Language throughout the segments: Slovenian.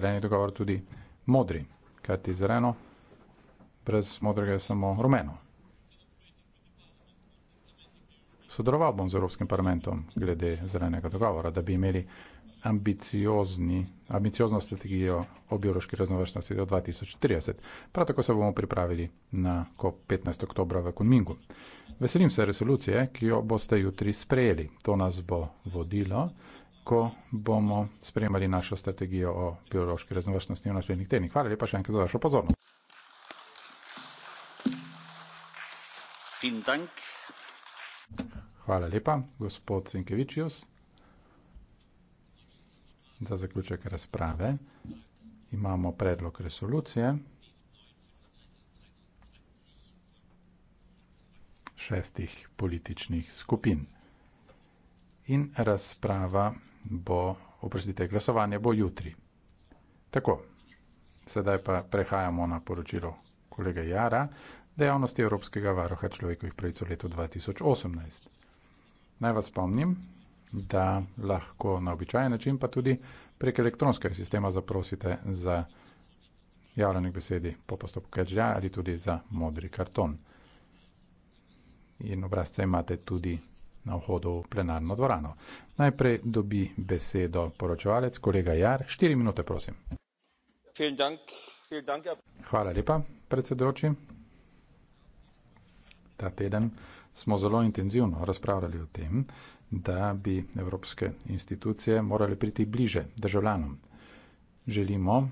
zeleni dogovor tudi modri, kajti zeleno brez modrega je samo rumeno. Sodeloval bom z Evropskim parlamentom glede zelenega dogovora, da bi imeli ambiciozni, ambiciozno strategijo o biološki raznovrstnosti do 2030. Prav tako se bomo pripravili na COP 15. oktober v Kunmingu. Veselim se resolucije, ki jo boste jutri sprejeli. To nas bo vodilo ko bomo spremljali našo strategijo o biološki raznovrstnosti v naslednjih tednih. Hvala lepa še enkrat za vašo pozornost. Hvala lepa, gospod Sinkevičius. Za zaključek razprave imamo predlog resolucije. šestih političnih skupin. In razprava bo, oprostite, glasovanje bo jutri. Tako, sedaj pa prehajamo na poročilo kolega Jara, dejavnosti Evropskega varoha človekovih pravic v letu 2018. Naj vas spomnim, da lahko na običajen način, pa tudi prek elektronskega sistema zaprosite za javljanje besedi po postopku KGA ali tudi za modri karton. In obrazce imate tudi na vhodu v plenarno dvorano. Najprej dobi besedo poročevalec, kolega Jar, štiri minute, prosim. Hvala lepa, predsedoči. Ta teden smo zelo intenzivno razpravljali o tem, da bi evropske institucije morali priti bliže državljanom. Želimo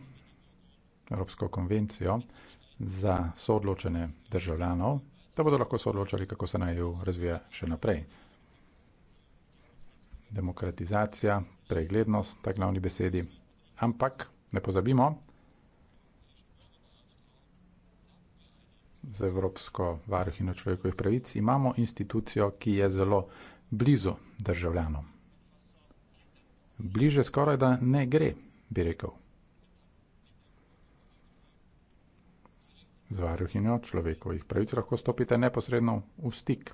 Evropsko konvencijo za soodločene državljanov, da bodo lahko soodločali, kako se naj jo razvija še naprej demokratizacija, preglednost, ta glavni besedi. Ampak ne pozabimo, z Evropsko varuhino človekovih pravic imamo institucijo, ki je zelo blizu državljanom. Bliže skoraj da ne gre, bi rekel. Z varuhinjo človekovih pravic lahko stopite neposredno v stik,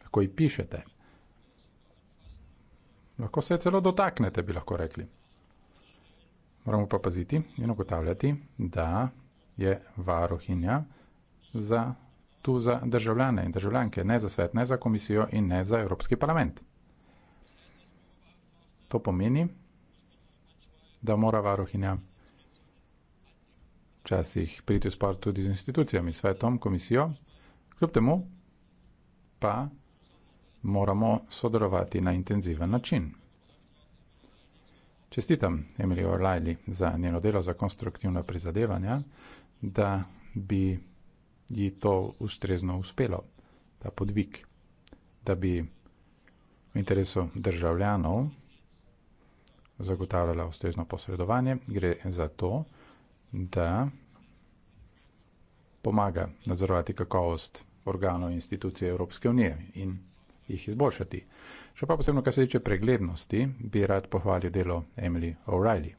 lahko ji pišete, Lahko se je celo dotaknete, bi lahko rekli. Moramo pa paziti in ugotavljati, da je varuhinja za, tu za državljane in državljanke, ne za svet, ne za komisijo in ne za Evropski parlament. To pomeni, da mora varuhinja včasih priti v spor tudi z institucijami, svetom, komisijo, kljub temu pa moramo sodelovati na intenziven način. Čestitam Emilijo Orlajli za njeno delo za konstruktivna prizadevanja, da bi ji to ustrezno uspelo, ta podvik, da bi v interesu državljanov zagotavljala ustrezno posredovanje. Gre za to, da pomaga nadzorovati kakovost organov institucije Evropske unije in institucije jih izboljšati. Še pa posebno, kar se tiče preglednosti, bi rad pohvalil delo Emily O'Reilly.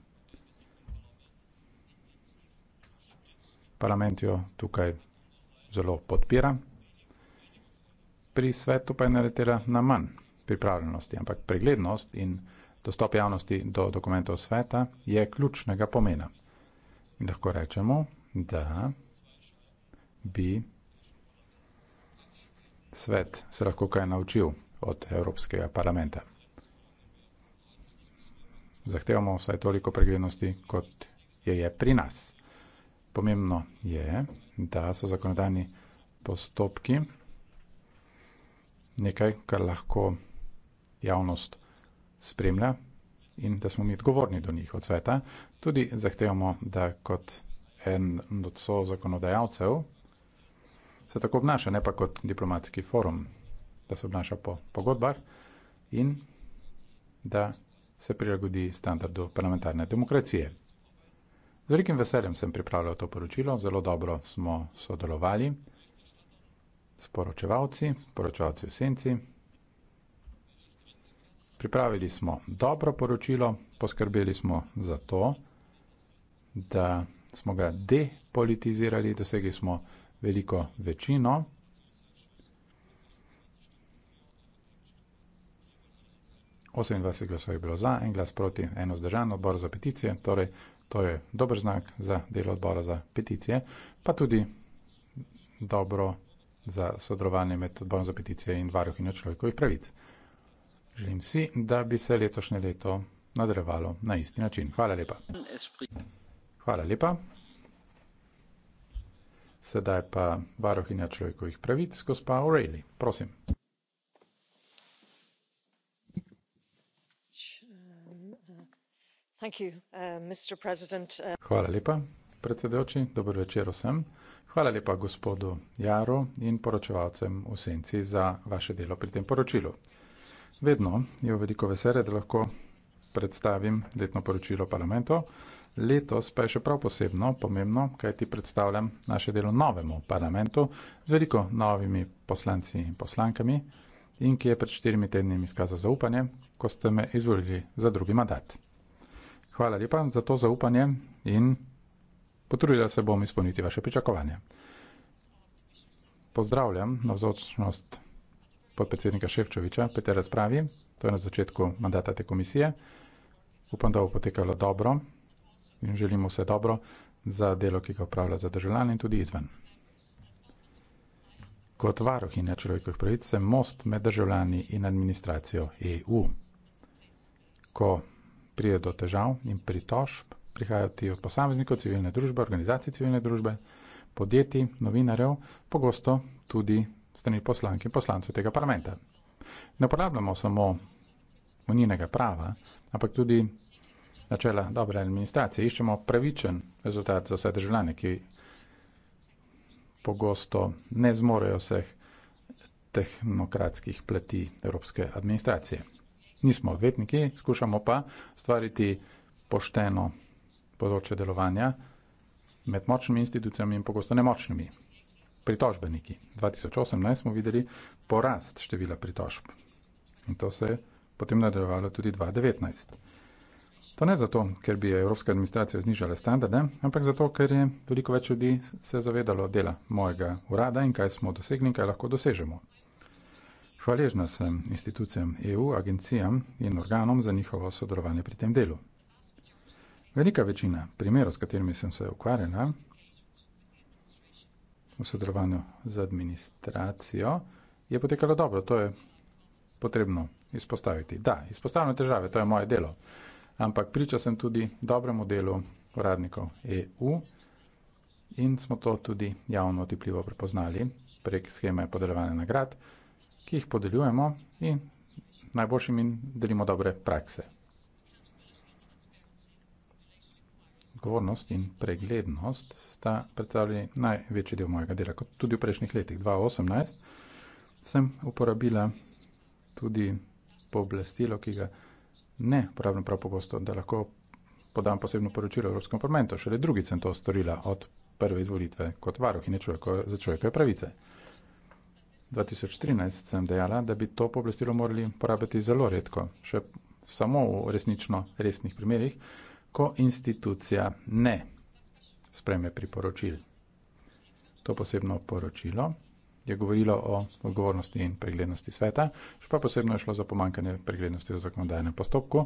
Parlament jo tukaj zelo podpira, pri svetu pa je naletela na manj pripravljenosti, ampak preglednost in dostop javnosti do dokumentov sveta je ključnega pomena. In lahko rečemo, da bi svet se lahko kaj naučil od Evropskega parlamenta. Zahtevamo vsaj toliko preglednosti, kot je, je pri nas. Pomembno je, da so zakonodajni postopki nekaj, kar lahko javnost spremlja in da smo mi odgovorni do njih od sveta. Tudi zahtevamo, da kot en od so zakonodajalcev se tako obnaša, ne pa kot diplomatski forum, da se obnaša po pogodbah in da se prilagodi standardu parlamentarne demokracije. Z velikim veseljem sem pripravljal to poročilo, zelo dobro smo sodelovali s poročevalci, s poročevalci v senci. Pripravili smo dobro poročilo, poskrbeli smo za to, da smo ga depolitizirali, dosegli smo veliko večino. Osem in dvajset glasov je bilo za, en glas proti, eno zdržan odbor za peticije, torej to je dober znak za delo odbora za peticije, pa tudi dobro za sodelovanje med odborom za peticije in varuhinjo človekovih pravic. Želim si, da bi se letošnje leto nadrevalo na isti način. Hvala lepa. Hvala lepa. Sedaj pa varohinja človekovih pravic, gospa O'Reilly, prosim. Uh, uh, Hvala lepa, predsedujoči, dober večer vsem. Hvala lepa gospodu Jaru in poročevalcem v senci za vaše delo pri tem poročilu. Vedno je v veliko veselje, da lahko predstavim letno poročilo parlamentu. Letos pa je še prav posebno pomembno, kaj ti predstavljam naše delo novemu parlamentu z veliko novimi poslanci in poslankami in ki je pred štirimi tedni izkazal zaupanje, ko ste me izvolili za drugi mandat. Hvala lepa za to zaupanje in potrudila se bom izpolniti vaše pričakovanje. Pozdravljam na vzočnost podpredsednika Ševčoviča pri tej razpravi, to je na začetku mandata te komisije. Upam, da bo potekalo dobro in želimo vse dobro za delo, ki ga upravlja za državljane in tudi izven. Kot varuhinja človekovih pravic sem most med državljani in administracijo EU. Ko pride do težav in pritožb, prihajajo ti od posameznikov civilne družbe, organizacij civilne družbe, podjetij, novinarjev, pogosto tudi strani poslank in poslancev tega parlamenta. Ne uporabljamo samo unijnega prava, ampak tudi načela dobre administracije, iščemo pravičen rezultat za vse državljane, ki pogosto ne zmorejo vseh tehnokratskih plati evropske administracije. Nismo odvetniki, skušamo pa stvariti pošteno področje delovanja med močnimi institucijami in pogosto nemočnimi. Pritožbeniki. 2018 smo videli porast števila pritožb. In to se je potem nadaljevalo tudi 2019. To ne zato, ker bi evropske administracije znižale standarde, ampak zato, ker je veliko več ljudi se zavedalo dela mojega urada in kaj smo dosegli in kaj lahko dosežemo. Hvaležna sem institucijam EU, agencijam in organom za njihovo sodelovanje pri tem delu. Velika večina primerov, s katerimi sem se ukvarjala v sodelovanju z administracijo, je potekalo dobro. To je potrebno izpostaviti. Da, izpostavljene težave, to je moje delo ampak priča sem tudi dobremu delu uradnikov EU in smo to tudi javno otipljivo prepoznali prek scheme podeljevanja nagrad, ki jih podeljujemo in najboljšim in delimo dobre prakse. Odgovornost in preglednost sta predstavljali največji del mojega dela, kot tudi v prejšnjih letih. 2018 sem uporabila tudi pooblastilo, ki ga je ne uporabljam prav pogosto, da lahko podam posebno poročilo Evropskemu parlamentu. Šele drugi sem to storila od prve izvolitve kot varuh in nečujo za človekove pravice. 2013 sem dejala, da bi to pooblastilo morali uporabljati zelo redko, še samo v resnično resnih primerih, ko institucija ne spreme priporočil. To posebno poročilo je govorilo o odgovornosti in preglednosti sveta, še pa posebno je šlo za pomankanje preglednosti v zakonodajnem postopku,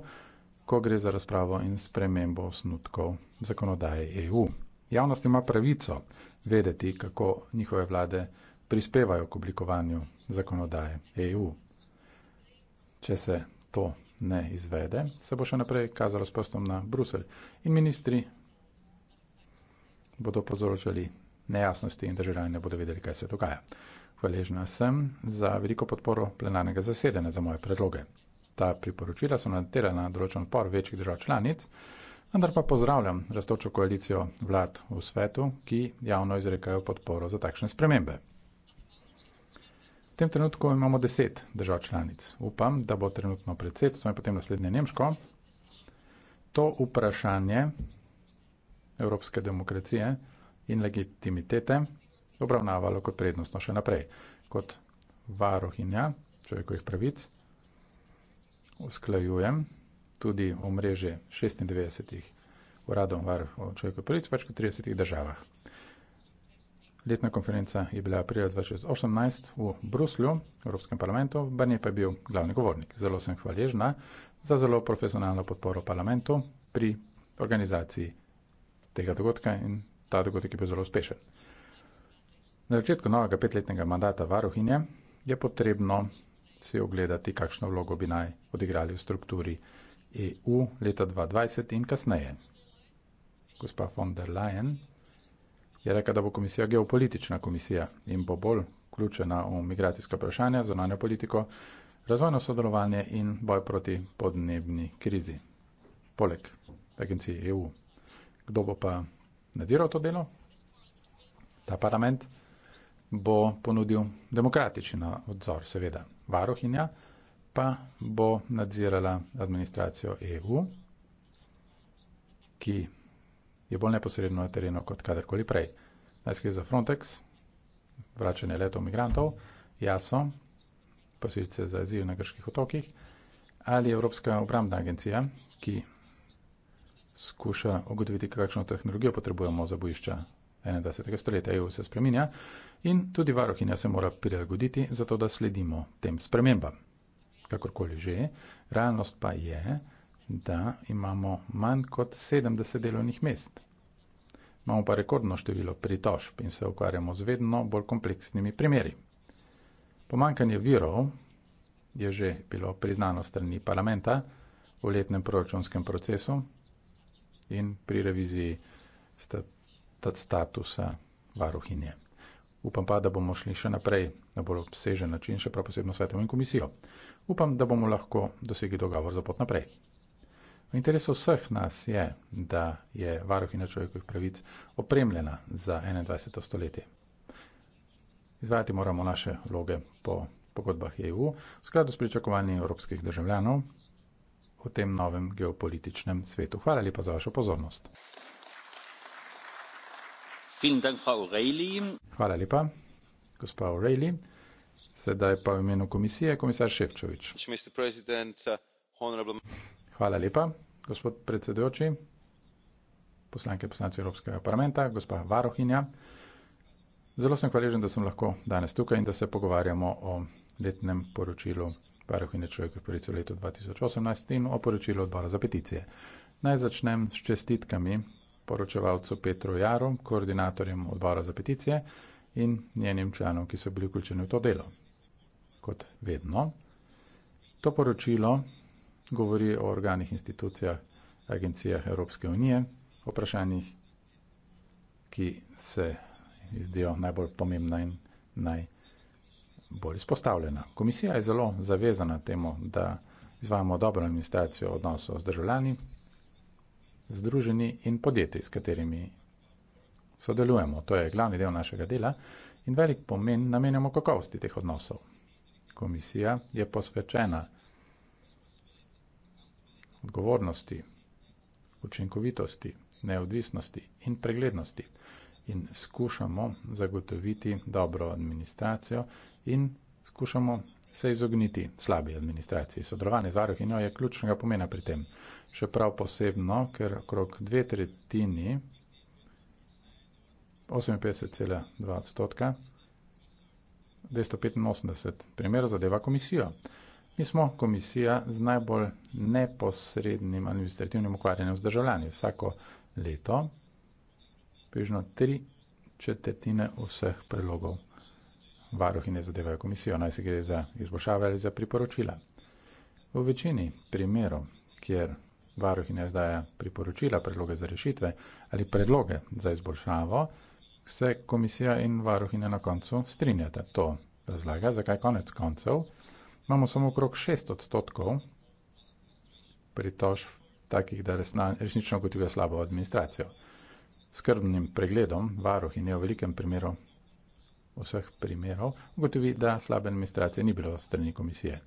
ko gre za razpravo in spremembo snutkov zakonodaje EU. Javnost ima pravico vedeti, kako njihove vlade prispevajo k oblikovanju zakonodaje EU. Če se to ne izvede, se bo še naprej kazalo s prstom na Bruselj in ministri bodo povzročali nejasnosti in državljani ne bodo vedeli, kaj se dogaja. Hvaležna sem za veliko podporo plenarnega zasedanja za moje predloge. Ta priporočila so naterjala na določen odpor večjih držav članic, vendar pa pozdravljam rastočo koalicijo vlad v svetu, ki javno izrekajo podporo za takšne spremembe. V tem trenutku imamo deset držav članic. Upam, da bo trenutno predsedstvo in potem naslednje Nemško to vprašanje evropske demokracije in legitimitete obravnavalo kot prednostno še naprej, kot varohinja človekovih pravic. Usklajujem tudi omrežje 96 uradov varohov človekovih pravic v več kot 30 državah. Letna konferenca je bila aprila 2018 v Bruslju, v Evropskem parlamentu, Barnier pa je bil glavni govornik. Zelo sem hvaležna za zelo profesionalno podporo parlamentu pri organizaciji tega dogodka in ta dogodek je bil zelo uspešen. Na začetku novega petletnega mandata varuhinje je potrebno si ogledati, kakšno vlogo bi naj odigrali v strukturi EU leta 2020 in kasneje. Gospa von der Leyen je rekla, da bo komisija geopolitična komisija in bo bolj vključena v migracijska vprašanja, zonanjo politiko, razvojno sodelovanje in boj proti podnebni krizi. Poleg agencije EU. Kdo bo pa nadziral to delo, ta parlament bo ponudil demokratičen odzor, seveda varohinja, pa bo nadzirala administracijo EU, ki je bolj neposredno na terenu kot kadarkoli prej. Najskej za Frontex, vračanje letov migrantov, jaso, posiljce za azil na grških otokih, ali Evropska obramna agencija, ki skuša ugotoviti, kakšno tehnologijo potrebujemo za bojišča 21. stoletja. EU se spreminja in tudi varohinja se mora prilagoditi, zato da sledimo tem spremembam. Kakorkoli že, realnost pa je, da imamo manj kot 70 delovnih mest. Imamo pa rekordno število pritožb in se ukvarjamo z vedno bolj kompleksnimi primeri. Pomankanje virov je že bilo priznano strani parlamenta v letnem proračunskem procesu, in pri reviziji stat statusa varuhinje. Upam pa, da bomo šli še naprej na bolj obsežen način, še prav posebno s svetom in komisijo. Upam, da bomo lahko dosegli dogovor za pot naprej. V interesu vseh nas je, da je varuhina človekovih pravic opremljena za 21. stoletje. Izvajati moramo naše vloge po pogodbah EU v skladu s pričakovanji evropskih državljanov v tem novem geopolitičnem svetu. Hvala lepa za vašo pozornost. Hvala lepa, gospa O'Reilly. Sedaj pa v imenu komisije komisar Ševčovič. Hvala lepa, gospod predsedujoči, poslanke poslanci Evropskega parlamenta, gospa varohinja. Zelo sem hvaležen, da sem lahko danes tukaj in da se pogovarjamo o letnem poročilu varuhine človekovih pravic v letu 2018 in o poročilu odbora za peticije. Naj začnem s čestitkami poročevalcu Petru Jaru, koordinatorjem odbora za peticije in njenim članom, ki so bili vključeni v to delo. Kot vedno, to poročilo govori o organih, institucijah, agencijah Evropske unije, o vprašanjih, ki se izdijo najbolj pomembna in najpomembnejša bolj izpostavljena. Komisija je zelo zavezana temu, da izvajamo dobro administracijo odnosov z državljani, združeni in podjetji, s katerimi sodelujemo. To je glavni del našega dela in velik pomen namenjamo kakovosti teh odnosov. Komisija je posvečena odgovornosti, učinkovitosti, neodvisnosti in preglednosti in skušamo zagotoviti dobro administracijo in skušamo se izogniti slabi administraciji. Sodelovanje z varuhinjo je ključnega pomena pri tem. Še prav posebno, ker okrog dve tretjini, 58,2 odstotka, 285 primerov zadeva komisijo. Mi smo komisija z najbolj neposrednim administrativnim ukvarjanjem z državljani. Vsako leto približno tri četrtine vseh predlogov varuhine zadevajo komisijo, naj se gre za izboljšave ali za priporočila. V večini primerov, kjer varuhine zdaja priporočila, predloge za rešitve ali predloge za izboljšavo, se komisija in varuhine na koncu strinjata. To razlaga, zakaj konec koncev imamo samo okrog 6 odstotkov pritožb takih, da resnično gotovijo slabo administracijo skrbnim pregledom varuh in je v velikem primeru vseh primerov, ugotovi, da slabe administracije ni bilo strani komisije.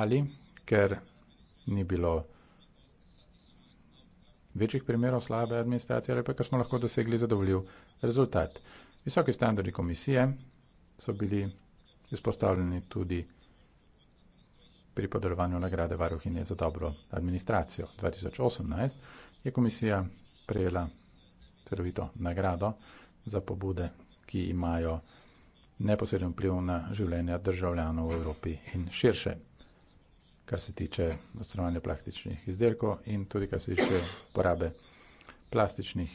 Ali, ker ni bilo večjih primerov slabe administracije ali pa ker smo lahko dosegli zadovoljiv rezultat. Visoki standardi komisije so bili izpostavljeni tudi pri podelovanju nagrade Varuhinje za dobro administracijo. 2018 je komisija prejela celovito nagrado za pobude, ki imajo neposreden vpliv na življenja državljanov v Evropi in širše, kar se tiče odstranjevanja plastičnih izdelkov in tudi kar se tiče porabe plastičnih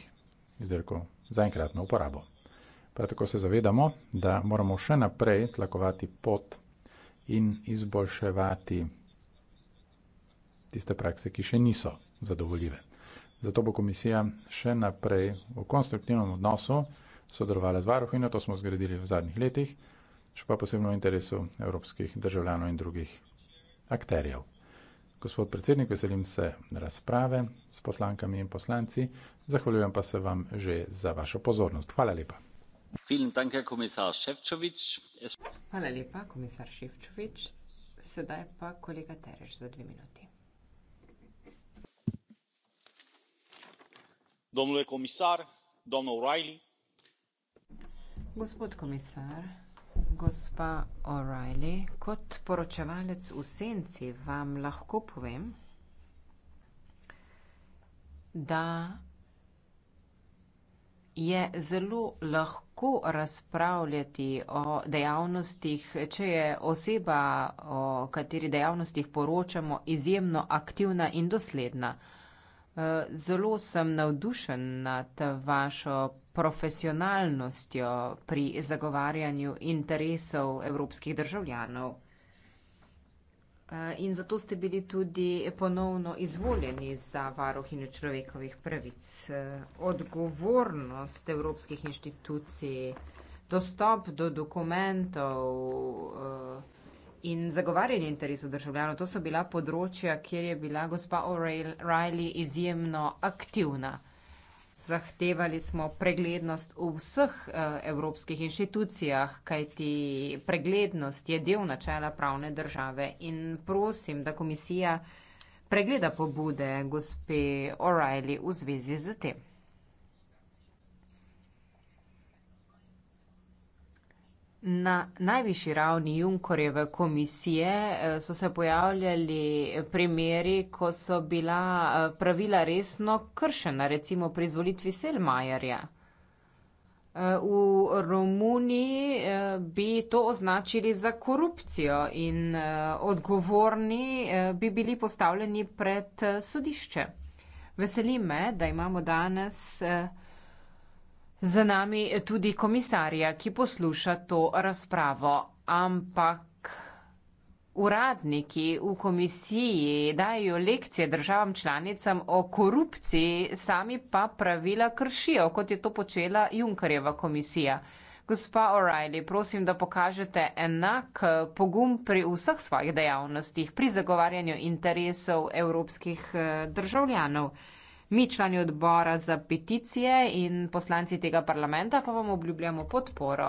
izdelkov za enkratno uporabo. Prav tako se zavedamo, da moramo še naprej tlakovati pot in izboljševati tiste prakse, ki še niso zadovoljive. Zato bo komisija še naprej v konstruktivnem odnosu sodelovala z varuhinjo, to smo zgradili v zadnjih letih, še pa posebno v interesu evropskih državljanov in drugih akterjev. Gospod predsednik, veselim se razprave s poslankami in poslanci, zahvaljujem pa se vam že za vašo pozornost. Hvala lepa. Hvala lepa, komisar Ševčovič. Sedaj pa kolega Tereš za dve minuti. domnule comisar doamnă oreilly gospod komisar gospa oreilly kot poročevalec v senci vam lahko povem da je zelo lahko razpravljati o dejavnostih, če je oseba, o kateri dejavnostih poročamo, izjemno aktivna in dosledna. Zelo sem navdušen nad vašo profesionalnostjo pri zagovarjanju interesov evropskih državljanov. In zato ste bili tudi ponovno izvoljeni za varuhinjo človekovih pravic. Odgovornost evropskih inštitucij, dostop do dokumentov in zagovarjanje interesov državljanov. To so bila področja, kjer je bila gospa O'Reilly izjemno aktivna. Zahtevali smo preglednost v vseh eh, evropskih inštitucijah, kajti preglednost je del načela pravne države in prosim, da komisija pregleda pobude gospe O'Reilly v zvezi z tem. Na najvišji ravni Junkorjeve komisije eh, so se pojavljali primeri, ko so bila eh, pravila resno kršena, recimo pri izvolitvi Selmajerja. Eh, v Romuniji bi to označili za korupcijo in odgovorni bi bili postavljeni pred sodišče. Veseli me, da imamo danes Za nami je tudi komisarja, ki posluša to razpravo, ampak. Uradniki v komisiji dajo lekcije državam članicam o korupciji, sami pa pravila kršijo, kot je to počela Junkarjeva komisija. Gospa O'Reilly, prosim, da pokažete enak pogum pri vseh svojih dejavnostih, pri zagovarjanju interesov evropskih eh, državljanov mi člani odbora za peticije in poslanci tega parlamenta pa vam obljubljamo podporo.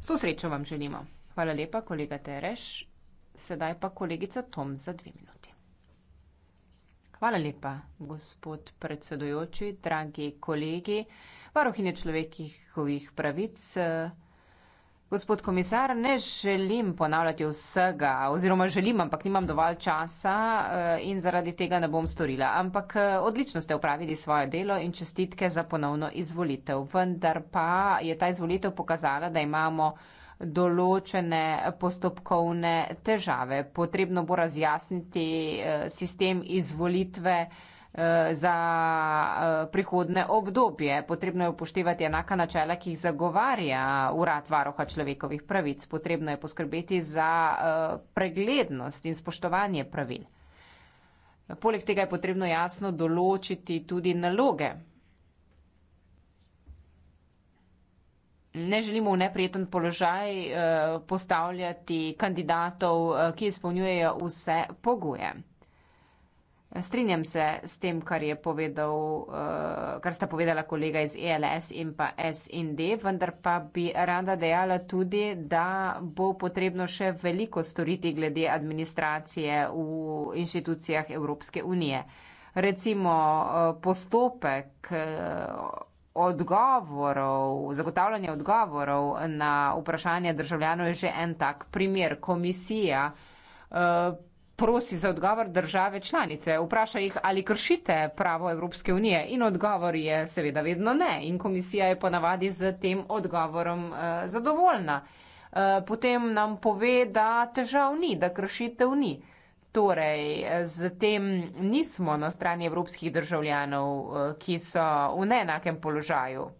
So srečo vam želimo. Hvala lepa, kolega Tereš. Sedaj pa kolegica Tom za dve minuti. Hvala lepa, gospod predsedujoči, dragi kolegi, varohine človekovih pravic. Gospod komisar, ne želim ponavljati vsega, oziroma želim, ampak nimam dovolj časa eh, in zaradi tega ne bom storila. Ampak eh, odlično ste upravili svoje delo in čestitke za ponovno izvolitev. Vendar pa je ta izvolitev pokazala, da imamo določene postopkovne težave. Potrebno bo razjasniti eh, sistem izvolitve. Eh, za eh, prihodne obdobje. Potrebno je upoštevati enaka načela, ki jih zagovarja Urad varoha človekovih pravic. Potrebno je poskrbeti za eh, preglednost in spoštovanje pravil. Poleg tega je potrebno jasno določiti tudi naloge. Ne želimo v neprijeten položaj postavljati kandidatov, ki izpolnjujejo vse pogoje. Strinjam se s tem, kar, povedal, uh, kar sta povedala kolega iz ELS in pa SND, vendar pa bi rada dejala tudi, da bo potrebno še veliko storiti glede administracije v inštitucijah Evropske unije. Recimo uh, postopek uh, odgovorov, zagotavljanje odgovorov na vprašanje državljanov je že en tak primer komisija. Uh, prosi za odgovor države članice, vpraša jih, ali kršite pravo Evropske unije in odgovor je seveda vedno ne in komisija je ponavadi z tem odgovorom uh, zadovoljna. Uh, potem nam pove, da težav ni, da kršitev ni. Torej, z tem nismo na strani evropskih državljanov, eh, ki so v neenakem položaju.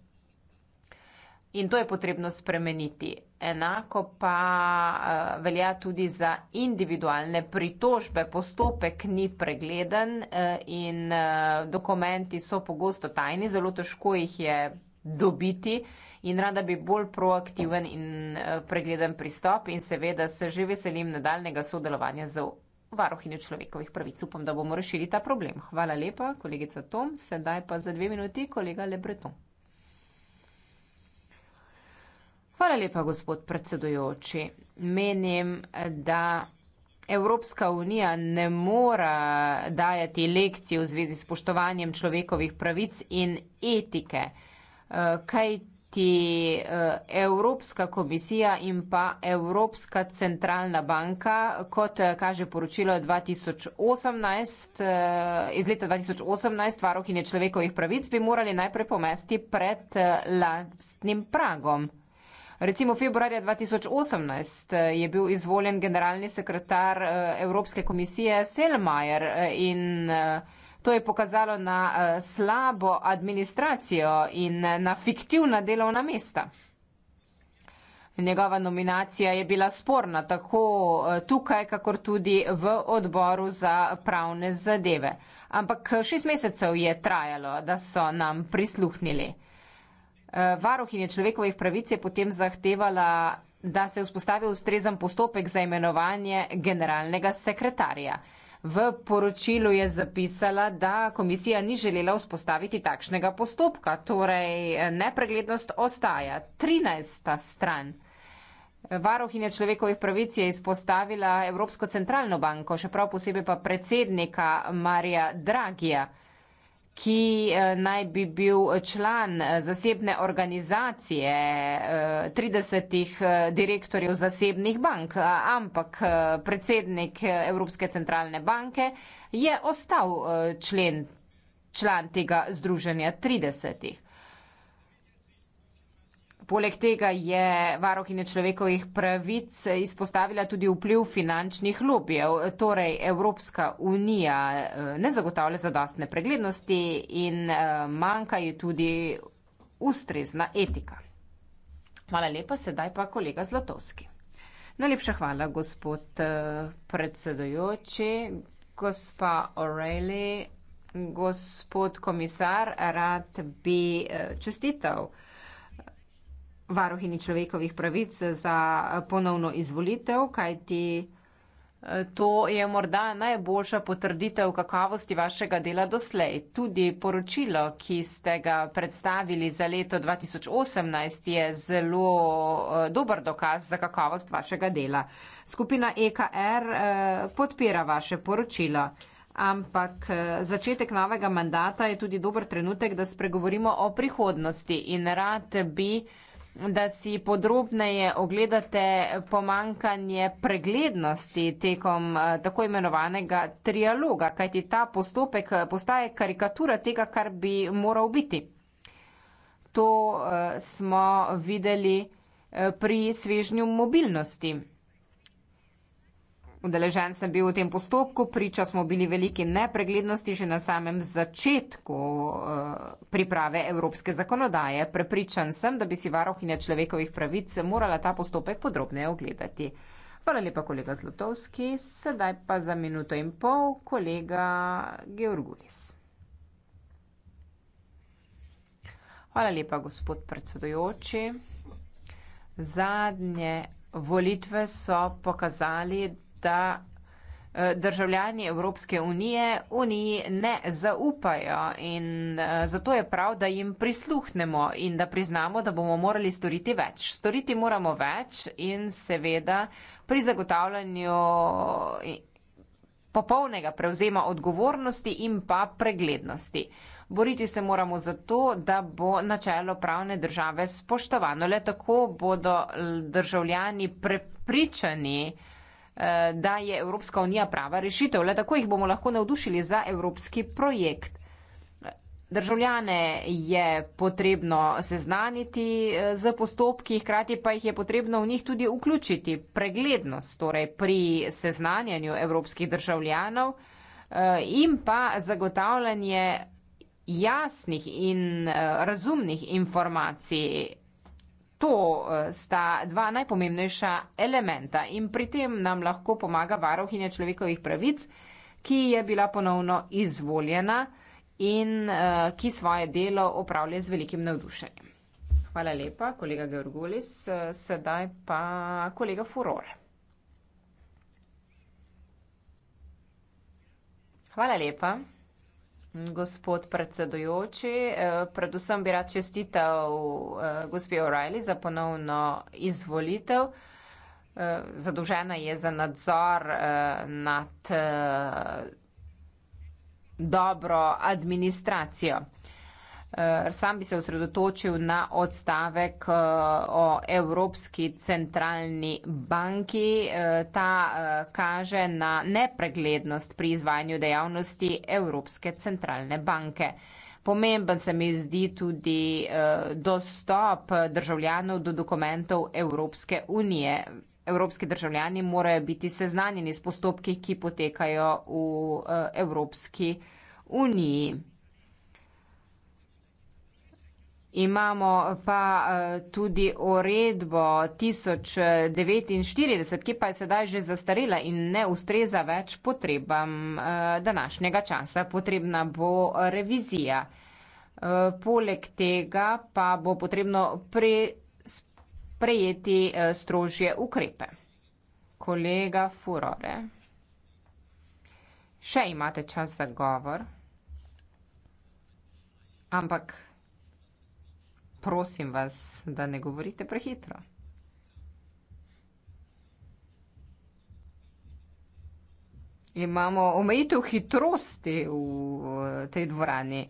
In to je potrebno spremeniti. Enako pa uh, velja tudi za individualne pritožbe. Postopek ni pregleden uh, in uh, dokumenti so pogosto tajni, zelo težko jih je dobiti in rada bi bolj proaktiven in uh, pregleden pristop in seveda se že veselim nadaljnega sodelovanja z varohinjo človekovih pravic. Upam, da bomo rešili ta problem. Hvala lepa, kolegica Tom. Sedaj pa za dve minuti, kolega Lebreton. Hvala lepa, gospod predsedujoči. Menim, da Evropska unija ne mora dajati lekcij v zvezi s poštovanjem človekovih pravic in etike, eh, kajti eh, Evropska komisija in pa Evropska centralna banka, kot eh, kaže poročilo 2018, iz leta 2018 varohinje človekovih pravic, bi morali najprej pomesti pred lastnim pragom. Recimo februarja 2018 eh, je bil izvoljen generalni sekretar eh, Evropske komisije Selmajer eh, in to je pokazalo na slabo administracijo in na fiktivna delovna mesta. Njegova nominacija je bila sporna tako tukaj, kakor tudi v odboru za pravne zadeve. Ampak šest mesecev je trajalo, da so nam prisluhnili. Varuhinje človekovih pravic je potem zahtevala, da se vzpostavi ustrezen postopek za imenovanje generalnega sekretarja. V poročilu je zapisala, da komisija ni želela vzpostaviti takšnega postopka, torej nepreglednost ostaja. 13. stran. Varuhinja človekovih pravic je izpostavila Evropsko centralno banko, še prav posebej pa predsednika Marija Dragija ki eh, naj bi bil član eh, zasebne organizacije 30 eh, direktorjev zasebnih bank, ampak predsednik Evropske centralne banke je ostal člen, član tega združenja 30. -ih. Poleg tega je varohine človekovih pravic izpostavila tudi vpliv finančnih lobijev, torej Evropska unija eh, ne zagotavlja zadostne preglednosti in eh, manjka ji tudi ustrezna etika. Hvala lepa, sedaj pa kolega Zlatovski. Najlepša hvala, gospod eh, predsedujoči, gospa O'Reilly, gospod komisar, rad bi čestital varuhini človekovih pravic za ponovno izvolitev, kajti eh, to je morda najboljša potrditev kakavosti vašega dela doslej. Tudi poročilo, ki ste ga predstavili za leto 2018, je zelo eh, dober dokaz za kakavost vašega dela. Skupina EKR eh, podpira vaše poročilo. Ampak začetek novega mandata je tudi dober trenutek, da spregovorimo o prihodnosti in rad bi uh, da si podrobneje ogledate pomankanje preglednosti tekom eh, tako imenovanega trialoga, kajti ta postopek eh, postaje karikatura tega, kar bi moral biti. To eh, smo videli pri svežnju mobilnosti. Udeležen sem bil v tem postopku, priča smo bili veliki nepreglednosti že na samem začetku eh, priprave evropske zakonodaje. Prepričan sem, da bi si varohinja človekovih pravic morala ta postopek podrobneje ogledati. Hvala lepa, kolega Zlotovski. Sedaj pa za minuto in pol, kolega Georgulis. Hvala lepa, gospod predsedujoči. Zadnje volitve so pokazali, da eh, državljani Evropske unije uniji ne zaupajo in eh, zato je prav, da jim prisluhnemo in da priznamo, da bomo morali storiti več. Storiti moramo več in seveda pri zagotavljanju eh, popolnega prevzema odgovornosti in pa preglednosti. Boriti se moramo za to, da bo načelo pravne države spoštovano. Le tako bodo državljani prepričani, da Eh, da je Evropska unija prava rešitev. Le tako jih bomo lahko navdušili za evropski projekt. Državljane je potrebno seznaniti eh, z postopki, hkrati pa jih je potrebno v njih tudi vključiti. Preglednost torej pri seznanjanju evropskih državljanov eh, in pa zagotavljanje jasnih in razumnih informacij To eh, sta dva najpomembnejša elementa in pri tem nam lahko pomaga varuhinja človekovih pravic, ki je bila ponovno izvoljena in uh, ki svoje delo opravlja z velikim navdušenjem. Hvala lepa, kolega Georgulis, eh, sedaj pa kolega Furore. Hvala lepa. Gospod predsedujoči, eh, predvsem bi rad čestital eh, gospi O'Reilly za ponovno izvolitev. Eh, Zadužena je za nadzor nad dobro administracijo. Eh, sam bi se osredotočil na odstavek eh, o Evropski centralni banki. Eh, ta kaže na nepreglednost pri izvajanju dejavnosti Evropske centralne banke. Pomemben se mi zdi tudi dostop državljanov do dokumentov Evropske unije. Evropski državljani morajo biti seznanjeni s postopki, ki potekajo v Evropski uniji. Imamo pa eh, tudi uredbo 1049, ki pa je sedaj že zastarela in ne ustreza več potrebam eh, današnjega časa. Potrebna bo revizija. Eh, poleg tega pa bo potrebno prejeti strožje ukrepe. Kolega Furore, še imate čas za govor, ampak prosim vas, da ne govorite prehitro. Imamo omejitev hitrosti v eh, tej dvorani.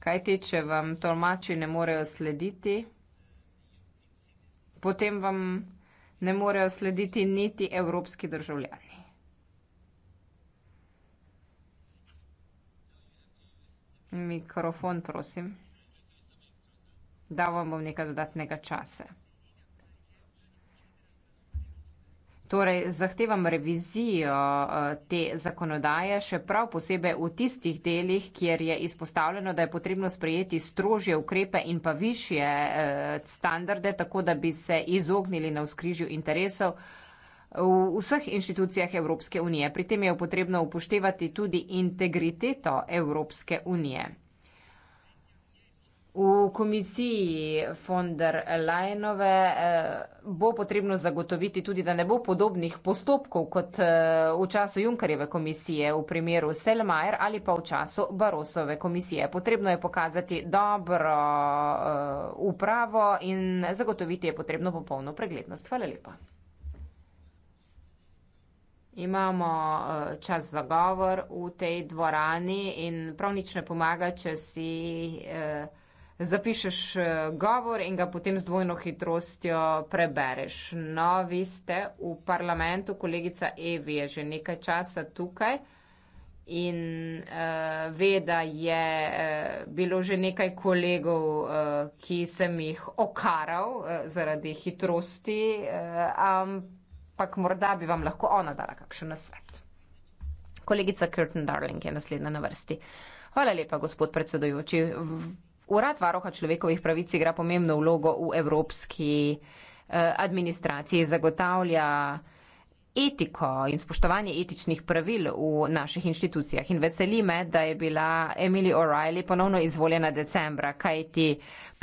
Kaj ti, če vam tolmači ne morejo slediti? Potem vam ne morejo slediti niti evropski državljani. Mikrofon, prosim dal vam bom nekaj dodatnega časa. Torej, zahtevam revizijo eh, te zakonodaje, še prav posebej v tistih delih, kjer je izpostavljeno, da je potrebno sprejeti strožje ukrepe in pa višje eh, standarde, tako da bi se izognili na vzkrižju interesov v vseh inštitucijah Evropske unije. Pri tem je potrebno upoštevati tudi integriteto Evropske unije. V komisiji von der Leyenove eh, bo potrebno zagotoviti tudi, da ne bo podobnih postopkov kot eh, v času Junkarjeve komisije v primeru Selmajer ali pa v času Barosove komisije. Potrebno je pokazati dobro eh, upravo in zagotoviti je potrebno popolno preglednost. Hvala lepa. Imamo čas za govor v tej dvorani in prav nič ne pomaga, če si. Eh, zapišeš eh, govor in ga potem z dvojno hitrostjo prebereš. No, vi ste v parlamentu, kolegica Evi je že nekaj časa tukaj in uh, ve, da je uh, bilo že nekaj kolegov, uh, ki sem jih okaral uh, zaradi hitrosti, uh, ampak morda bi vam lahko ona dala kakšen nasvet. Kolegica Curtin Darling je naslednja na vrsti. Hvala lepa, gospod predsedujoči. V Urad varoha človekovih pravic igra pomembno vlogo v evropski eh, administraciji, zagotavlja etiko in spoštovanje etičnih pravil v naših inštitucijah. In veseli me, da je bila Emily O'Reilly ponovno izvoljena decembra, kaj ti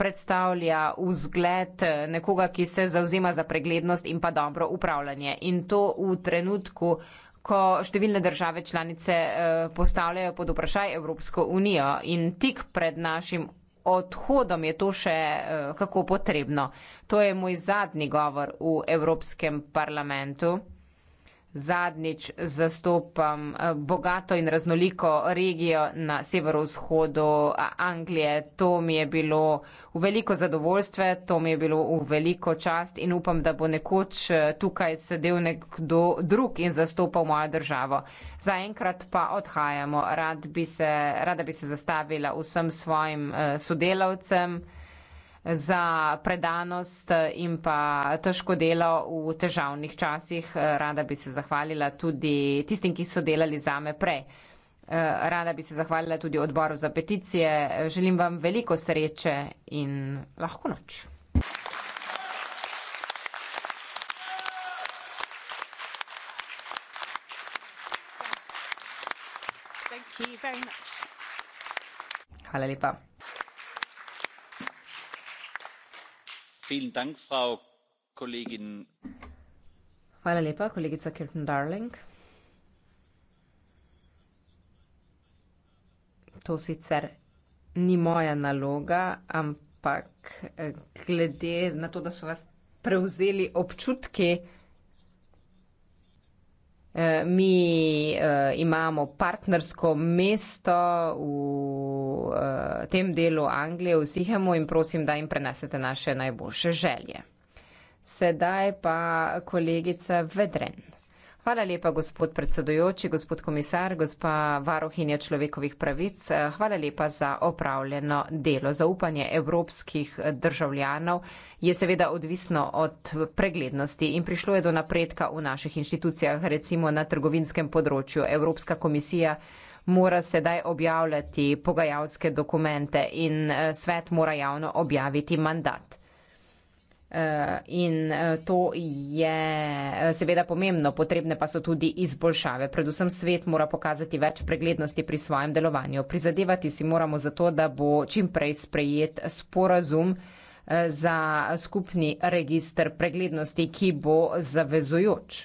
predstavlja vzgled eh, nekoga, ki se zauzema za preglednost in pa dobro upravljanje. In to v trenutku, ko številne države članice eh, postavljajo pod vprašaj Evropsko unijo in tik pred našim odhodom je to še eh, kako potrebno. To je moj zadnji govor v Evropskem parlamentu zadnjič zastopam eh, bogato in raznoliko regijo na severovzhodu eh, Anglije. To mi je bilo v veliko zadovoljstvo, to mi je bilo v veliko čast in upam, da bo nekoč eh, tukaj sedel nekdo drug in zastopal mojo državo. Zaenkrat pa odhajamo. Rad bi se, rada bi se zastavila vsem svojim sodelavcem za predanost in pa težko delo v težavnih časih. Rada bi se zahvalila tudi tistim, ki so delali za me prej. Rada bi se zahvalila tudi odboru za peticije. Želim vam veliko sreče in lahko noč. Hvala lepa. Hvala lepa, kolegica Kirton Darling. To sicer ni moja naloga, ampak, eh, glede na to, da so vas prevzeli občutki, Mi uh, imamo partnersko mesto v uh, tem delu Anglije, v Sihemu in prosim, da jim prenesete naše najboljše želje. Sedaj pa kolegica Vedren. Hvala lepa, gospod predsedujoči, gospod komisar, gospa varohinja človekovih pravic. Hvala lepa za opravljeno delo. Zaupanje evropskih državljanov je seveda odvisno od preglednosti in prišlo je do napredka v naših inštitucijah, recimo na trgovinskem področju. Evropska komisija mora sedaj objavljati pogajalske dokumente in eh, svet mora javno objaviti mandat. Eh, in eh, to je eh, seveda pomembno, potrebne pa so tudi izboljšave. Predvsem svet mora pokazati več preglednosti pri svojem delovanju. Prizadevati si moramo za to, da bo čim prej sprejet sporazum za skupni registr preglednosti, ki bo zavezujoč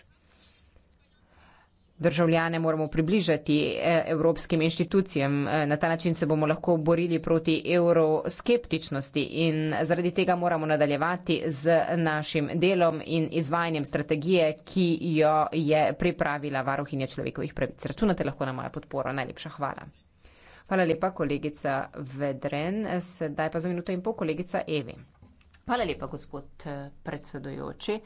državljane moramo približati eh, evropskim inštitucijam. Eh, na ta način se bomo lahko borili proti euroskeptičnosti in zaradi tega moramo nadaljevati z našim delom in izvajanjem strategije, ki jo je pripravila varuhinja človekovih pravic. Računate lahko na mojo podporo. Najlepša hvala. Hvala lepa, kolegica Vedren. Sedaj pa za minuto in pol, kolegica Evi. Hvala lepa, gospod eh, predsedujoči.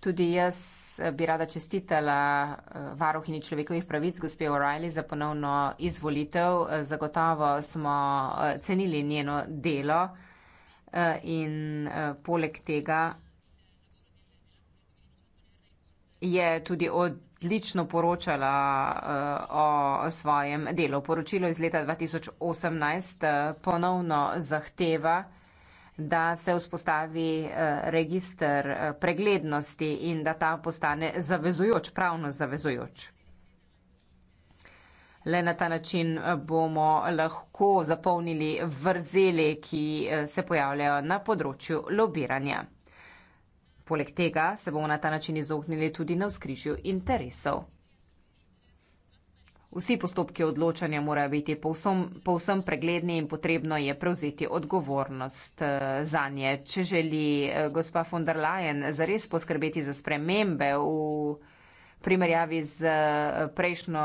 Tudi jaz eh, bi rada čestitala eh, varuhini človekovih pravic, gospe O'Reilly, za ponovno izvolitev. Eh, zagotovo smo cenili njeno delo in poleg tega je tudi odlično poročala o svojem delu. Poročilo iz leta 2018 ponovno zahteva, da se vzpostavi eh, registr eh, preglednosti in da ta postane zavezujoč, pravno zavezujoč. Le na ta način eh, bomo lahko zapolnili vrzeli, ki se pojavljajo na področju lobiranja. Poleg tega se bomo na ta način izognili tudi na vzkrižju interesov. Vsi postopki odločanja morajo biti povsem, povsem pregledni in potrebno je prevzeti odgovornost eh, za nje. Če želi eh, gospa von der Leyen zares poskrbeti za spremembe v primerjavi z eh, prejšnjo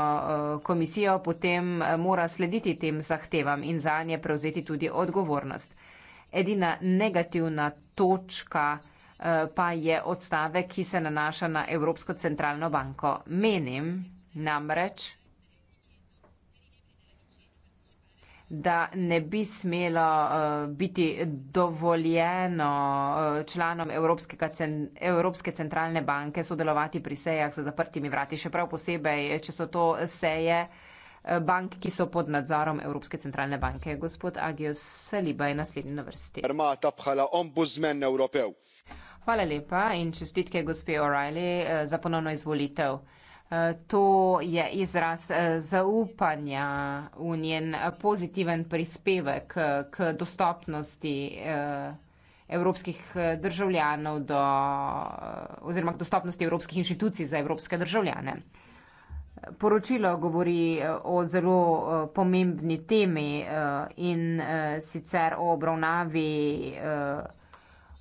komisijo, potem mora slediti tem zahtevam in za nje prevzeti tudi odgovornost. Edina negativna točka pa je odstavek, ki se nanaša na Evropsko centralno banko. Menim namreč, da ne bi smelo eh, biti dovoljeno eh, članom Evropskega, Evropske centralne banke sodelovati pri sejah za zaprtimi vrati, še prav posebej, če so to seje eh, bank, ki so pod nadzorom Evropske centralne banke. Gospod Agios Saliba je naslednji na vrsti. Hvala lepa in čestitke gospe O'Reilly za ponovno izvolitev. To je izraz eh, zaupanja v njen pozitiven prispevek eh, k dostopnosti eh, evropskih državljanov do, oziroma k dostopnosti evropskih inštitucij za evropske državljane. Poročilo govori o zelo pomembni temi in sicer o obravnavi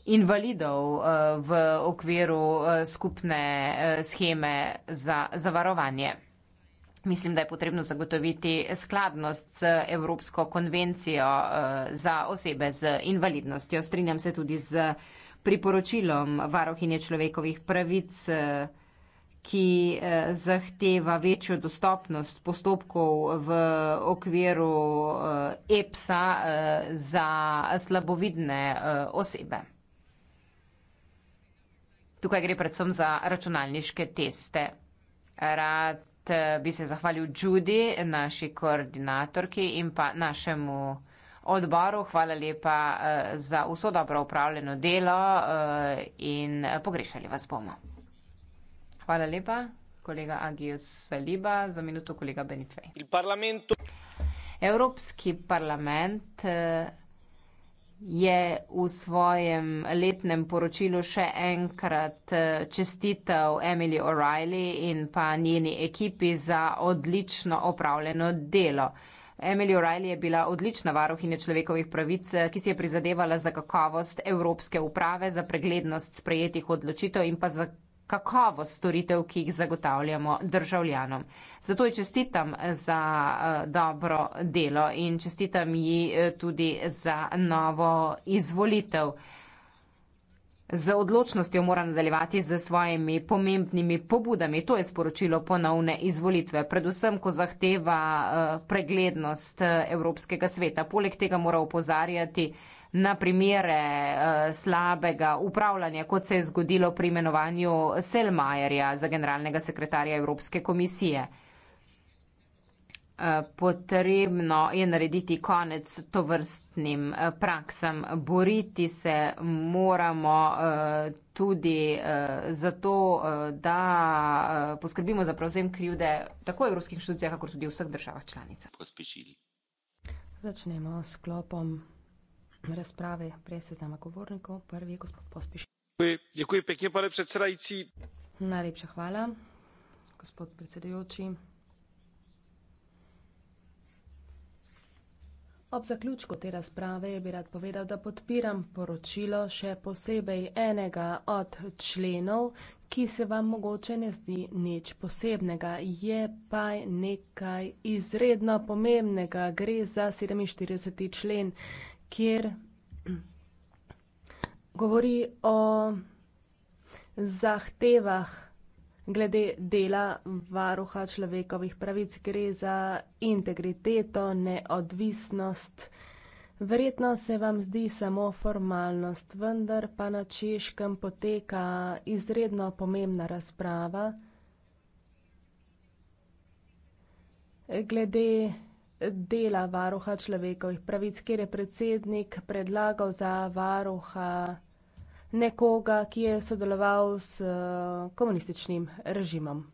invalidov eh, v okviru eh, skupne eh, scheme za zavarovanje. Mislim, da je potrebno zagotoviti skladnost z Evropsko konvencijo za osebe z invalidnostjo. Strinjam se tudi z priporočilom varohinje človekovih pravic, ki zahteva večjo dostopnost postopkov v okviru EPSA za slabovidne osebe. Tukaj gre predvsem za računalniške teste. Rad eh, bi se zahvalil Judy, naši koordinatorki in pa našemu odboru. Hvala lepa eh, za vso dobro upravljeno delo eh, in pogrešali vas bomo. Hvala lepa, kolega Agius Saliba, za minuto kolega Benifej. Evropski parlament. Eh, je v svojem letnem poročilu še enkrat eh, čestital Emily O'Reilly in pa njeni ekipi za odlično opravljeno delo. Emily O'Reilly je bila odlična varuhinja človekovih pravic, eh, ki si je prizadevala za kakovost evropske uprave, za preglednost sprejetih odločitev in pa za kakovost storitev, ki jih zagotavljamo državljanom. Zato jo čestitam za eh, dobro delo in čestitam ji eh, tudi za novo izvolitev. Z odločnostjo mora nadaljevati z svojimi pomembnimi pobudami. To je sporočilo ponovne izvolitve, predvsem, ko zahteva eh, preglednost Evropskega sveta. Poleg tega mora upozarjati, na primere uh, slabega upravljanja, kot se je zgodilo pri imenovanju Selmajerja za generalnega sekretarja Evropske komisije. Eh, potrebno je narediti konec tovrstnim eh, praksam. Boriti se moramo tudi zato, da poskrbimo za prevzem krivde tako v Evropskih inštitucijah, kako tudi v vseh državah članicah. Začnemo s klopom pane předsedající ob zaključku te razprave bi rad povedal da podpiram poročilo še posebej enega od členov ki se vam mogoče ne zdi nič posebnega je pa nekaj izredno pomembnega gre za sedeminštirideseti člen kjer govori o zahtevah glede dela varuha človekovih pravic. Gre za integriteto, neodvisnost. Verjetno se vam zdi samo formalnost, vendar pa na Češkem poteka izredno pomembna razprava glede dela varuha človekovih pravic, kjer je predsednik predlagal za varuha nekoga, ki je sodeloval s eh, komunističnim režimom.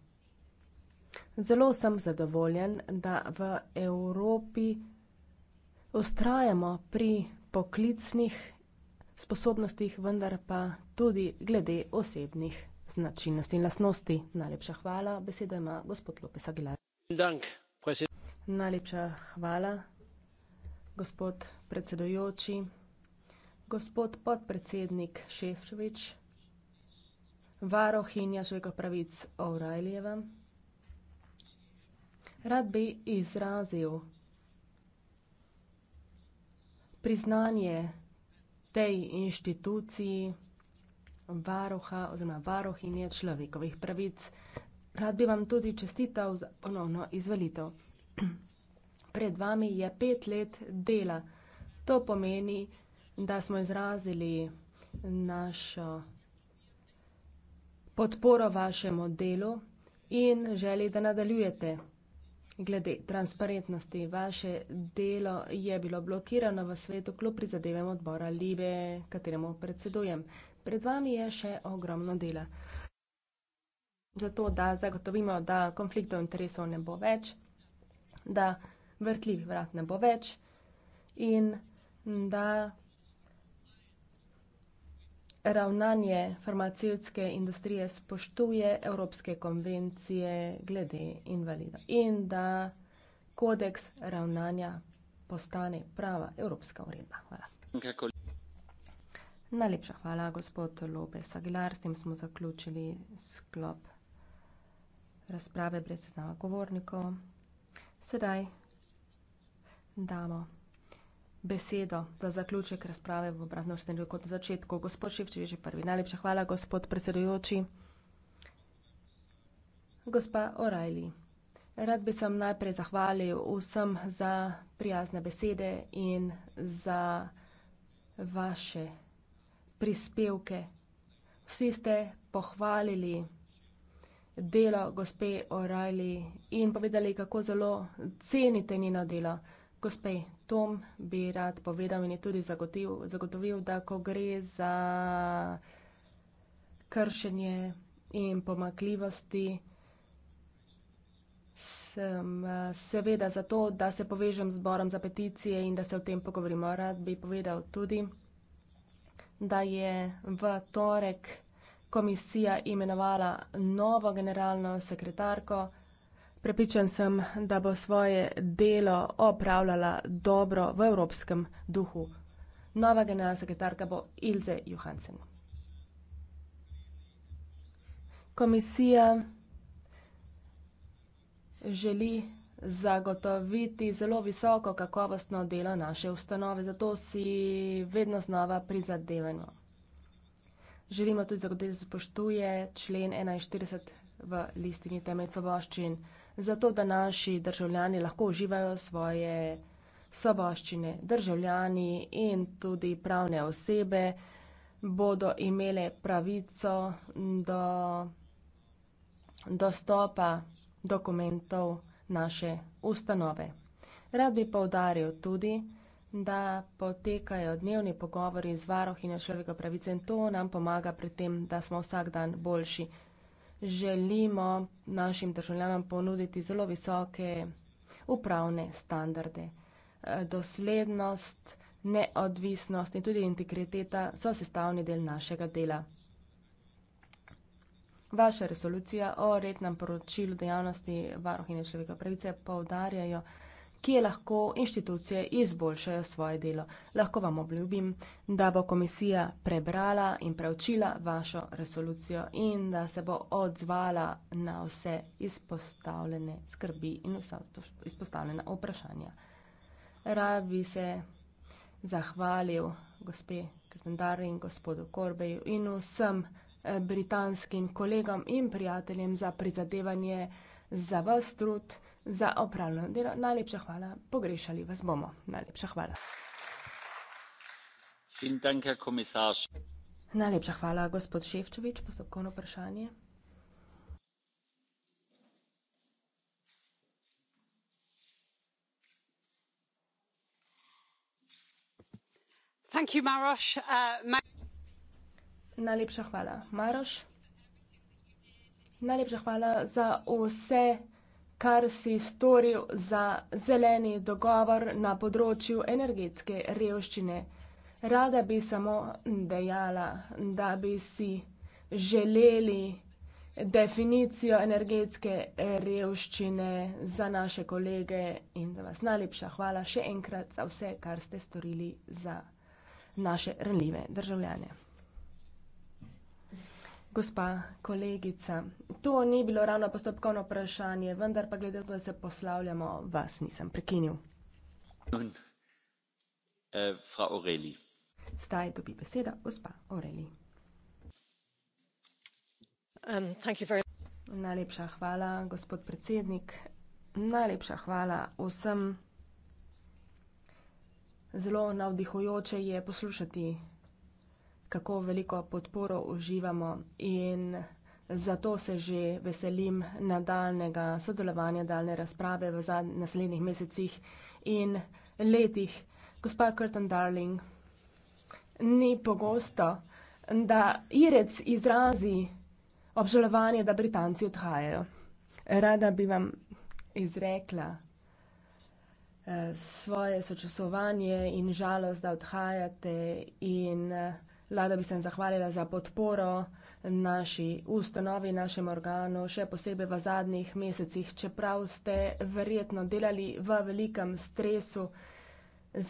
Zelo sem zadovoljen, da v Evropi ustrajamo pri poklicnih sposobnostih, vendar pa tudi glede osebnih značilnosti in lastnosti. Najlepša hvala. Besedo ima gospod Lopes Aguilar. Dank, Najlepša hvala, gospod predsedojoči, gospod podpredsednik Šefčovič, varohinja človekovih pravic O'Reillyjeva. Rad bi izrazil priznanje tej inštituciji varuha oziroma varohinje človekovih pravic. Rad bi vam tudi čestital za ponovno izvolitev. Pred vami je pet let dela. To pomeni, da smo izrazili našo podporo vašemu delu in želi, da nadaljujete. Glede transparentnosti, vaše delo je bilo blokirano v svetu kljub prizadevam odbora Libe, kateremu predsedujem. Pred vami je še ogromno dela. Zato, da zagotovimo, da konfliktov interesov ne bo več da vrtljivih vrat ne bo več in da ravnanje farmacevtske industrije spoštuje Evropske konvencije glede invalidov in da kodeks ravnanja postane prava Evropska uredba. Hvala. Najlepša hvala, gospod Lopes Aguilar. S tem smo zaključili sklop razprave brez seznama govornikov. Sedaj damo besedo za zaključek razprave v obratnem vrstnem kot na začetku. Gospod Šivčevič je prvi. Najlepša hvala, gospod predsedujoči. Gospa O'Reilly, rad bi se vam najprej zahvalil vsem za prijazne besede in za vaše prispevke. Vsi ste pohvalili delo gospe O'Reilly in povedali, kako zelo cenite njeno delo. Gospe Tom bi rad povedal in je tudi zagotil, zagotovil, da ko gre za kršenje in pomakljivosti, sem eh, seveda zato, da se povežem z Borom za peticije in da se o tem pogovorimo. Rad bi povedal tudi, da je v torek komisija imenovala novo generalno sekretarko. Prepričan sem, da bo svoje delo opravljala dobro v evropskem duhu. Nova generalna sekretarka bo Ilze Johansen. Komisija želi zagotoviti zelo visoko kakovostno delo naše ustanove, zato si vedno znova prizadevamo. Živimo tudi zato, da se spoštuje člen 41 v listini temeljcev svoboščin, zato da naši državljani lahko uživajo svoje svoboščine. Državljani in tudi pravne osebe bodo imele pravico do dostopa dokumentov naše ustanove. Rad bi poudaril tudi, da potekajo dnevni pogovori z varohinjo človekove pravice in to nam pomaga pri tem, da smo vsak dan boljši. Želimo našim državljanom ponuditi zelo visoke upravne standarde. Doslednost, neodvisnost in tudi integriteta so sestavni del našega dela. Vaša resolucija o rednem poročilu dejavnosti varohinje človekove pravice poudarjajo, kje lahko inštitucije izboljšajo svoje delo. Lahko vam obljubim, da bo komisija prebrala in preučila vašo resolucijo in da se bo odzvala na vse izpostavljene skrbi in vsa izpostavljena vprašanja. Rad bi se zahvalil gospe Krtendari in gospodu Korbeju in vsem eh, britanskim kolegom in prijateljem za prizadevanje, za vas trud za opravljeno delo. Najlepša hvala, pogrešali vas bomo. Najlepša hvala. Najlepša hvala, gospod Ševčevič, postopkovno vprašanje. Thank you, Maroš. Uh, ma Najlepša hvala, Maroš. Najlepša hvala za vse kar si storil za zeleni dogovor na področju energetske revščine. Rada bi samo dejala, da bi si želeli definicijo energetske revščine za naše kolege in da vas najlepša hvala še enkrat za vse, kar ste storili za naše renljive državljane. Gospa kolegica, to ni bilo ravno postopkovno vprašanje, vendar pa glede to, da se poslavljamo, vas nisem prekinil. Nun, äh, Frau Aureli. Zdaj dobi besedo gospa Aureli. Um, thank you very... Najlepša hvala, gospod predsednik. Najlepša hvala vsem. Zelo navdihujoče je poslušati kako veliko podporo uživamo in zato se že veselim nadaljnega sodelovanja, daljne razprave v naslednjih mesecih in letih. Gospa Curtin Darling, ni pogosto, da Irec izrazi obžalovanje, da Britanci odhajajo. Rada bi vam izrekla eh, svoje sočasovanje in žalost, da odhajate in eh, Lada bi se zahvalila za podporo naši ustanovi, našemu organu, še posebej v zadnjih mesecih, čeprav ste verjetno delali v velikem stresu.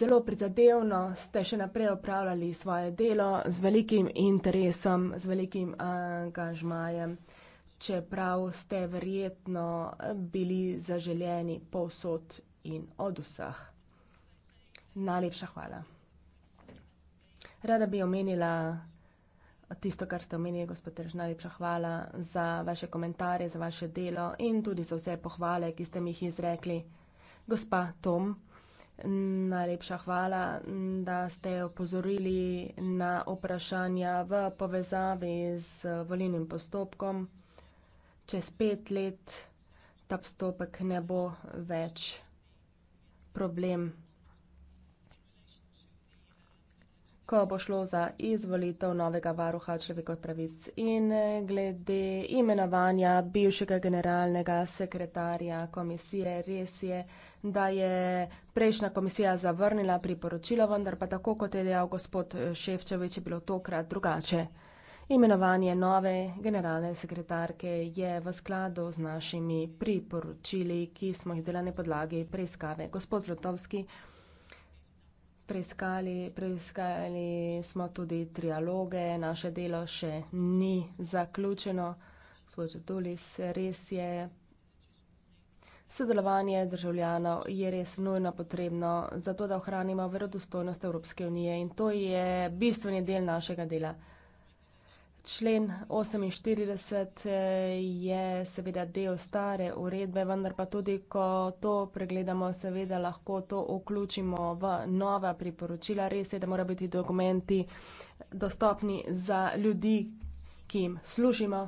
Zelo prizadevno ste še naprej opravljali svoje delo z velikim interesom, z velikim angažmajem, čeprav ste verjetno bili zaželjeni povsod in od vseh. Najlepša hvala. Rada bi omenila tisto, kar ste omenili, gospod Terž, najlepša hvala za vaše komentarje, za vaše delo in tudi za vse pohvale, ki ste mi jih izrekli. Gospa Tom, najlepša hvala, da ste opozorili na vprašanja v povezavi z volilnim postopkom. Čez pet let ta postopek ne bo več problem. ko bo šlo za izvolitev novega varuha človekov pravic in glede imenovanja bivšega generalnega sekretarja komisije. Res je, da je prejšnja komisija zavrnila priporočilo, vendar pa tako kot je dejal gospod Ševčevič, je bilo tokrat drugače. Imenovanje nove generalne sekretarke je v skladu z našimi priporočili, ki smo jih zdaj na podlagi preiskave. Gospod Zlotovski, preiskali, preiskali smo tudi trialoge, naše delo še ni zaključeno. Svoje tulis res je. Sodelovanje državljanov je res nujno potrebno, zato da ohranimo verodostojnost Evropske unije in to je bistveni del našega dela člen 48 eh, je seveda del stare uredbe, vendar pa tudi, ko to pregledamo, seveda lahko to vključimo v nova priporočila. Res je, da mora biti dokumenti dostopni za ljudi, ki jim služimo.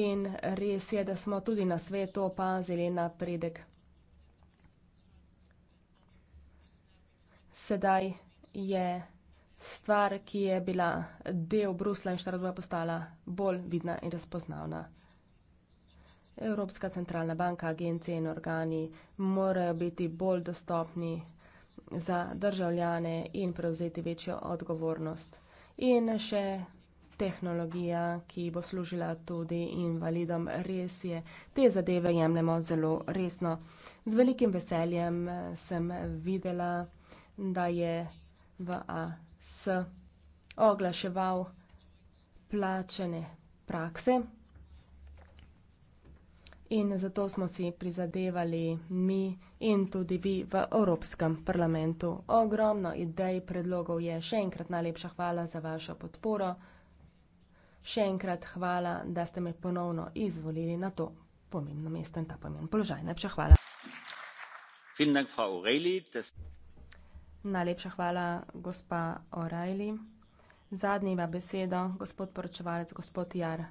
In res je, da smo tudi na svetu opazili napredek. Sedaj je stvar, ki je bila del Brusla in Štrasburga postala bolj vidna in razpoznavna. Evropska centralna banka, agencije in organi morajo biti bolj dostopni za državljane in prevzeti večjo odgovornost. In še tehnologija, ki bo služila tudi invalidom, res je, te zadeve jemljemo zelo resno. Z velikim veseljem eh, sem videla, da je v A s oglaševal plačene prakse. In zato smo si prizadevali mi in tudi vi v Evropskem parlamentu. Ogromno idej, predlogov je. Še enkrat najlepša hvala za vašo podporo. Še enkrat hvala, da ste me ponovno izvolili na to pomembno mesto in ta pomemben položaj. Najlepša hvala. Vielen Dank, Frau Ureli. Najlepša hvala, gospa O'Reilly. Zadnji ima besedo gospod poročevalec, gospod Jar.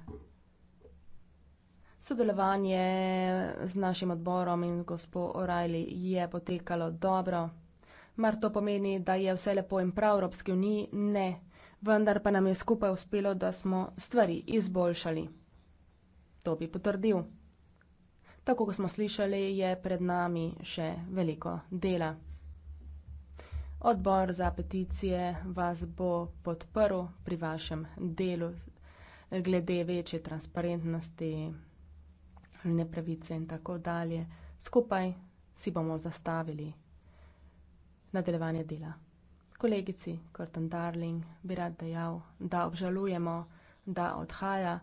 Sodelovanje z našim odborom in gospod O'Reilly je potekalo dobro. Mar to pomeni, da je vse lepo in prav v Evropski uniji? Ne. Vendar pa nam je skupaj uspelo, da smo stvari izboljšali. To bi potrdil. Tako kot smo slišali, je pred nami še veliko dela. Odbor za peticije vas bo podprl pri vašem delu glede večje transparentnosti, nepravice in tako dalje. Skupaj si bomo zastavili nadaljevanje dela. Kolegici Korten Darling bi rad dejal, da obžalujemo, da odhaja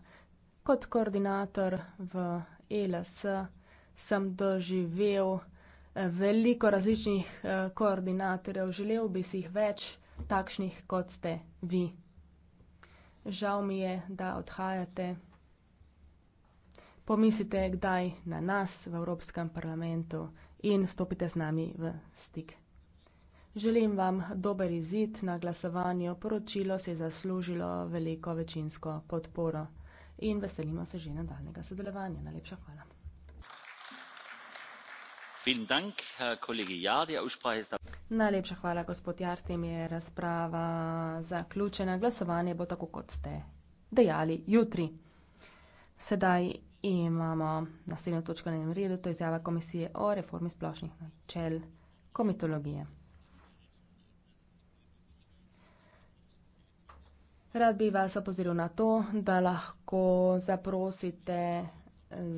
kot koordinator v ELS. Sem doživel veliko različnih eh, koordinatorjev, želel bi si jih več takšnih, kot ste vi. Žal mi je, da odhajate. Pomislite kdaj na nas v Evropskem parlamentu in stopite z nami v stik. Želim vam dober izid na glasovanju. Poročilo se je zaslužilo veliko večinsko podporo in veselimo se že nadaljnega sodelovanja. Najlepša hvala. Ja. Najlepša hvala, gospod Jar, s tem je razprava zaključena. Glasovanje bo tako, kot ste dejali, jutri. Sedaj imamo naslednjo točko na enem redu, to je izjava komisije o reformi splošnih načel komitologije. Rad bi vas opozoril na to, da lahko zaprosite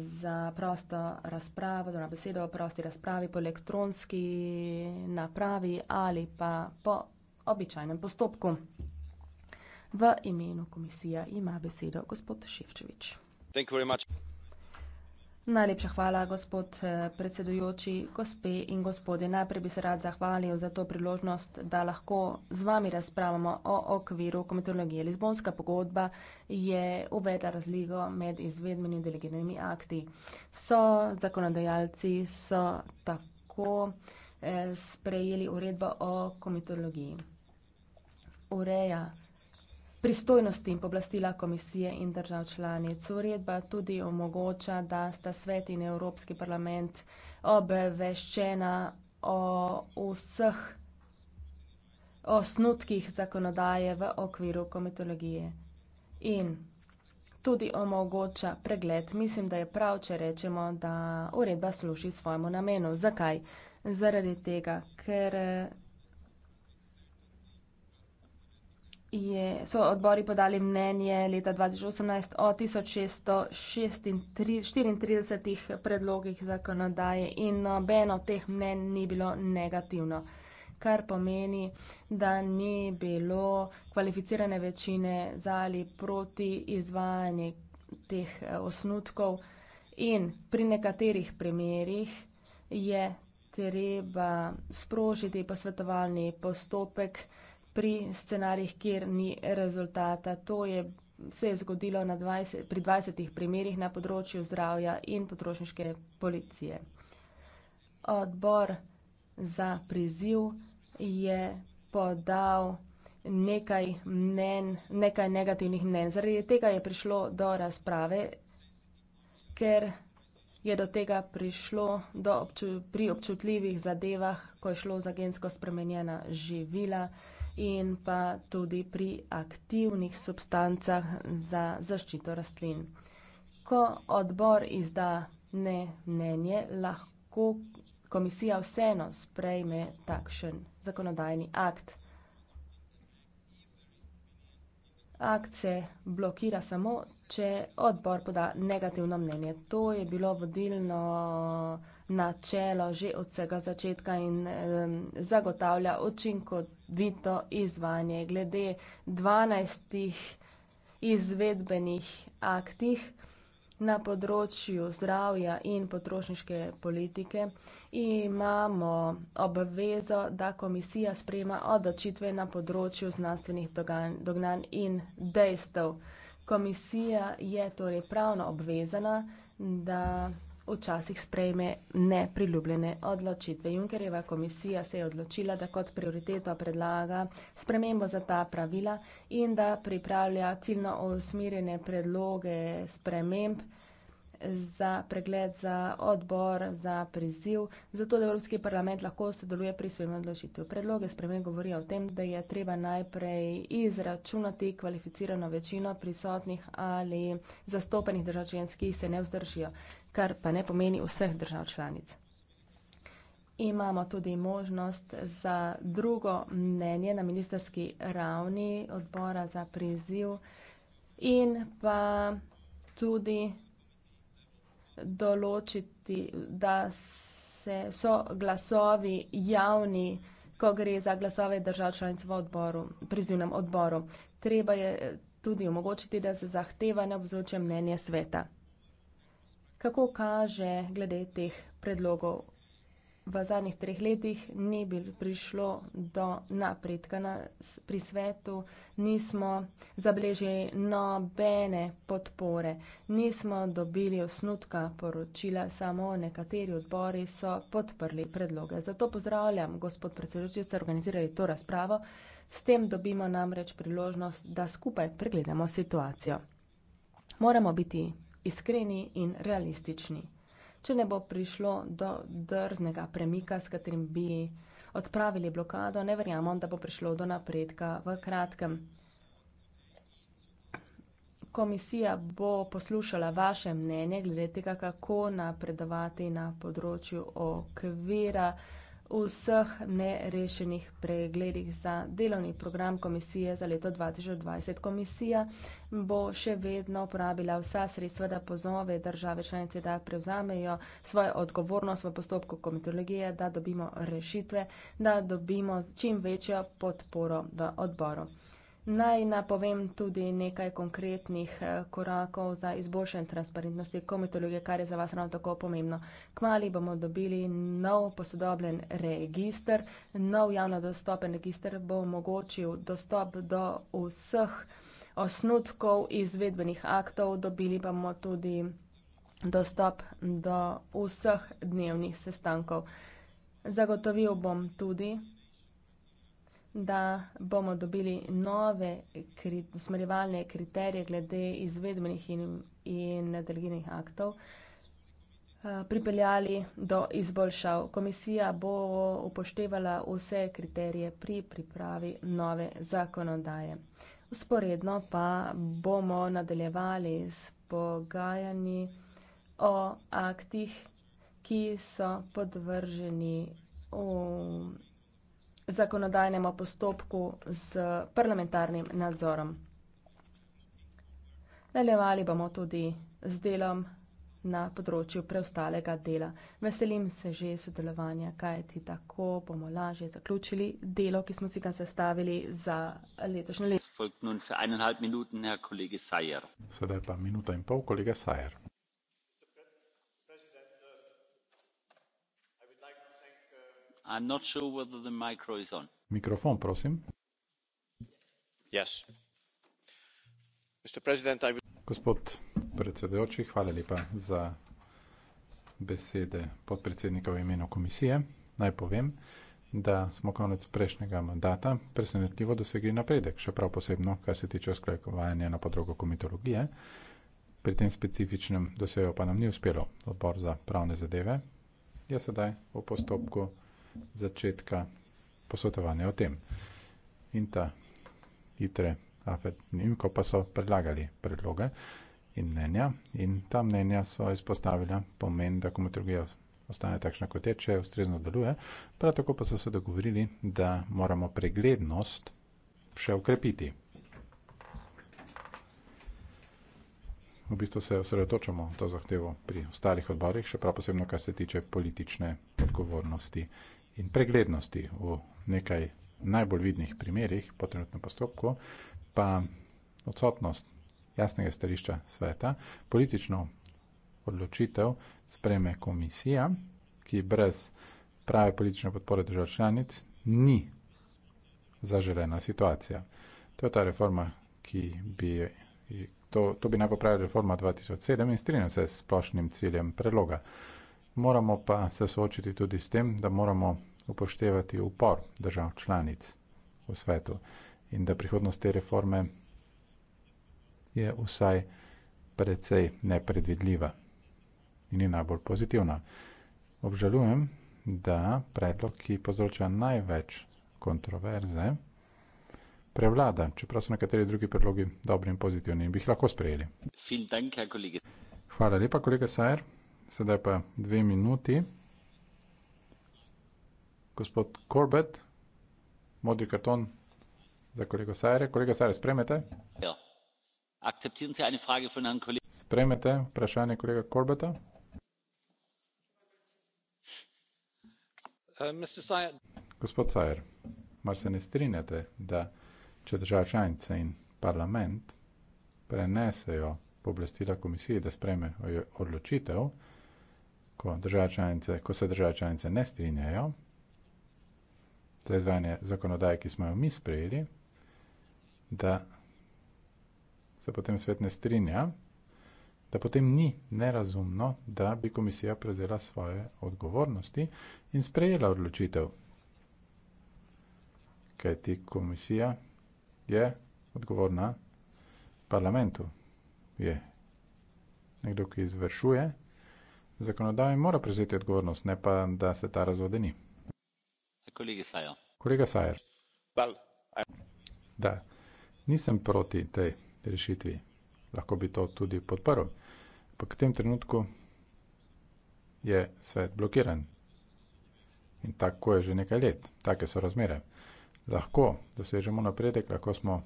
za prosto razpravo, za besedo o prosti razpravi po elektronski napravi ali pa po običajnem postopku. V imenu komisije ima besedo gospod Ševčevič. Thank you very much. Najlepša hvala, gospod eh, predsedujoči, gospe in gospodje. Najprej bi se rad zahvalil za to priložnost, da lahko z vami razpravljamo o okviru komitologije. Lizbonska pogodba je uvedla razliko med izvedbenimi in delegiranimi akti. So zakonodajalci, so tako eh, sprejeli uredbo o komitologiji. Ureja pristojnosti in poblastila komisije in držav članic. Uredba tudi omogoča, da sta svet in Evropski parlament obveščena o vseh osnutkih zakonodaje v okviru komitologije in tudi omogoča pregled. Mislim, da je prav, če rečemo, da uredba služi svojemu namenu. Zakaj? Zaradi tega, ker je, so odbori podali mnenje leta 2018 o 1634 predlogih zakonodaje in nobeno teh mnen ni bilo negativno, kar pomeni, da ni bilo kvalificirane večine za ali proti izvajanje teh eh, osnutkov in pri nekaterih primerjih je treba sprožiti posvetovalni postopek, pri scenarijih, kjer ni rezultata. To je se je zgodilo 20, pri 20 primerjih na področju zdravja in potrošniške policije. Odbor za priziv je podal nekaj, mnen, nekaj negativnih mnen. Zaradi tega je prišlo do razprave, ker je do tega prišlo do obču, pri občutljivih zadevah, ko je šlo za gensko spremenjena živila in pa tudi pri aktivnih substancah za zaščito rastlin. Ko odbor izda ne mnenje, lahko komisija vseeno sprejme takšen zakonodajni akt. Akt se blokira samo, če odbor poda negativno mnenje. To je bilo vodilno načelo že od vsega začetka in um, zagotavlja očinkovito izvajanje. Glede 12 izvedbenih aktih na področju zdravja in potrošniške politike imamo obvezo, da komisija sprema odločitve na področju znanstvenih dognanj in dejstev. Komisija je torej pravno obvezana, da včasih sprejme nepriljubljene odločitve. Junkerjeva komisija se je odločila, da kot prioriteto predlaga spremembo za ta pravila in da pripravlja ciljno usmirjene predloge sprememb za pregled za odbor, za priziv, zato da Evropski parlament lahko sodeluje pri svojem odločitev. Predloge spremembe govorijo o tem, da je treba najprej izračunati kvalificirano večino prisotnih ali zastopenih držav, ki se ne vzdržijo kar pa ne pomeni vseh držav članic. Imamo tudi možnost za drugo mnenje na ministerski ravni odbora za priziv in pa tudi določiti, da se so glasovi javni, ko gre za glasove držav članic v odboru, prizivnem odboru. Treba je tudi omogočiti, da se zahteva na vzoče mnenje sveta kako kaže glede teh predlogov. V zadnjih treh letih ni bil prišlo do napredka na, pri svetu, nismo zabeležili nobene podpore, nismo dobili osnutka poročila, samo nekateri odbori so podprli predloge. Zato pozdravljam, gospod predsedujoči, ste organizirali to razpravo, s tem dobimo namreč priložnost, da skupaj pregledamo situacijo. Moramo biti iskreni in realistični. Če ne bo prišlo do drznega premika, s katerim bi odpravili blokado, ne verjamem, da bo prišlo do napredka v kratkem. Komisija bo poslušala vaše mnenje glede tega, kako napredovati na področju okvira vseh nerešenih pregledih za delovni program komisije za leto 2020. Komisija bo še vedno uporabila vsa sredstva, da pozove države članice, da prevzamejo svojo odgovornost v postopku komitologije, da dobimo rešitve, da dobimo čim večjo podporo v odboru. Naj napovem tudi nekaj konkretnih eh, korakov za izboljšanje transparentnosti komitologije, kar je za vas ravno tako pomembno. Kmali bomo dobili nov posodobljen register, nov javno dostopen register bo omogočil dostop do vseh osnutkov izvedbenih aktov, dobili bomo tudi dostop do vseh dnevnih sestankov. Zagotovil bom tudi, da bomo dobili nove kri usmerjevalne kriterije glede izvedbenih in, in delegiranih aktov eh, pripeljali do izboljšav. Komisija bo upoštevala vse kriterije pri pripravi nove zakonodaje. Usporedno pa bomo nadaljevali s pogajanji o aktih, ki so podvrženi v um, zakonodajnemu postopku z parlamentarnim nadzorom. Nadaljevali bomo tudi z delom na področju preostalega dela. Veselim se že sodelovanja, kajti tako bomo lažje zaključili delo, ki smo si ga zastavili za letošnje leto. Sedaj pa minuta in pol, kolega Sajer. mr president gospod predsedujoči hvala lepa za besede podpredsednika v imenu komisije naj povem da smo konec prejšnjega mandata presenetljivo dosegli napredek še prav posebno kar se tiče usklajevanja na področju komitologije pri tem specifičnem dosegu pa nam ni uspelo odbor za pravne zadeve je sedaj v postopku začetka posvetovanja o tem. In ta ITRE, AFET, NIMKO pa so predlagali predloge in mnenja in ta mnenja so izpostavila pomen, da komotrugija ostane takšna kot je, če ustrezno deluje. Prav tako pa so se dogovorili, da moramo preglednost še ukrepiti. V bistvu se osredotočamo to zahtevo pri ostalih odborih, še prav posebno, kar se tiče politične odgovornosti in preglednosti v nekaj najbolj vidnih primerih po trenutnem postopku, pa odsotnost jasnega stališča sveta, politično odločitev spreme komisija, ki brez prave politične podpore držav članic ni zaželena situacija. To je ta reforma, ki bi. To, to bi naj popravila reforma 2007 in strinjam se s splošnim ciljem predloga. Moramo pa se soočiti tudi s tem, da moramo upoštevati upor držav članic v svetu in da prihodnost te reforme je vsaj precej nepredvidljiva in ni najbolj pozitivna. Obžalujem, da predlog, ki povzroča največ kontroverze, prevlada, čeprav so nekateri drugi predlogi dobri in pozitivni in bi jih lahko sprejeli. Hvala lepa, kolega Sajer sedaj pa dve minuti. Gospod Corbett, modri karton za kolego Sajre. Kolega Sajre, spremete? Ja. Akceptiram se eno vprašanje od enega kolega. Spremete vprašanje kolega Corbetta? Eh, Gospod Sajer, mar se ne strinjate, da če država članica in parlament prenesejo pooblastila komisiji, da sprejme odločitev, ko, članice, ko se države članice ne strinjajo za izvajanje zakonodaje, ki smo jo mi sprejeli, da se potem svet ne strinja, da potem ni nerazumno, da bi komisija prevzela svoje odgovornosti in sprejela odločitev. Kaj ti komisija je odgovorna parlamentu, je nekdo, ki izvršuje Zakonodaja mora prevzeti odgovornost, ne pa da se ta razvodeni. Kolega Sajer. Well, da, nisem proti tej rešitvi. Lahko bi to tudi podprl. Pa v tem trenutku je svet blokiran. In tako je že nekaj let, take so razmere. Lahko dosežemo napredek, lahko smo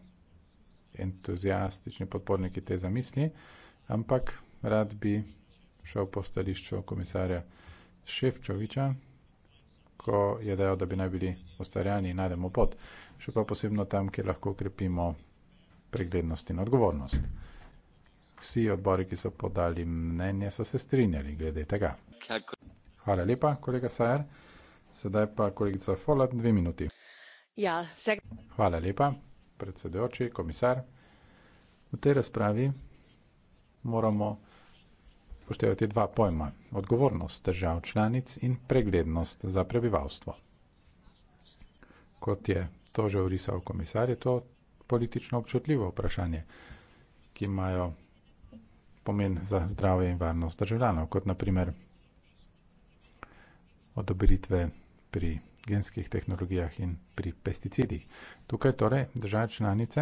entuzijastični podporniki te zamisli, ampak rad bi šel po stališču komisarja Ševčoviča, ko je dejal, da bi naj bili ustvarjalni in najdemo pot, še pa posebno tam, kjer lahko ukrepimo preglednost in odgovornost. Vsi odbori, ki so podali mnenje, so se strinjali glede tega. Hvala lepa, kolega Sajer. Sedaj pa kolegica Folat, dve minuti. Ja, se... Hvala lepa, predsedujoči, komisar. V tej razpravi moramo upoštevati dva pojma - odgovornost držav članic in preglednost za prebivalstvo. Kot je to že urisal komisar, je to politično občutljivo vprašanje, ki imajo pomen za zdravje in varnost državljanov, kot naprimer odobritve pri genskih tehnologijah in pri pesticidih. Tukaj torej države članice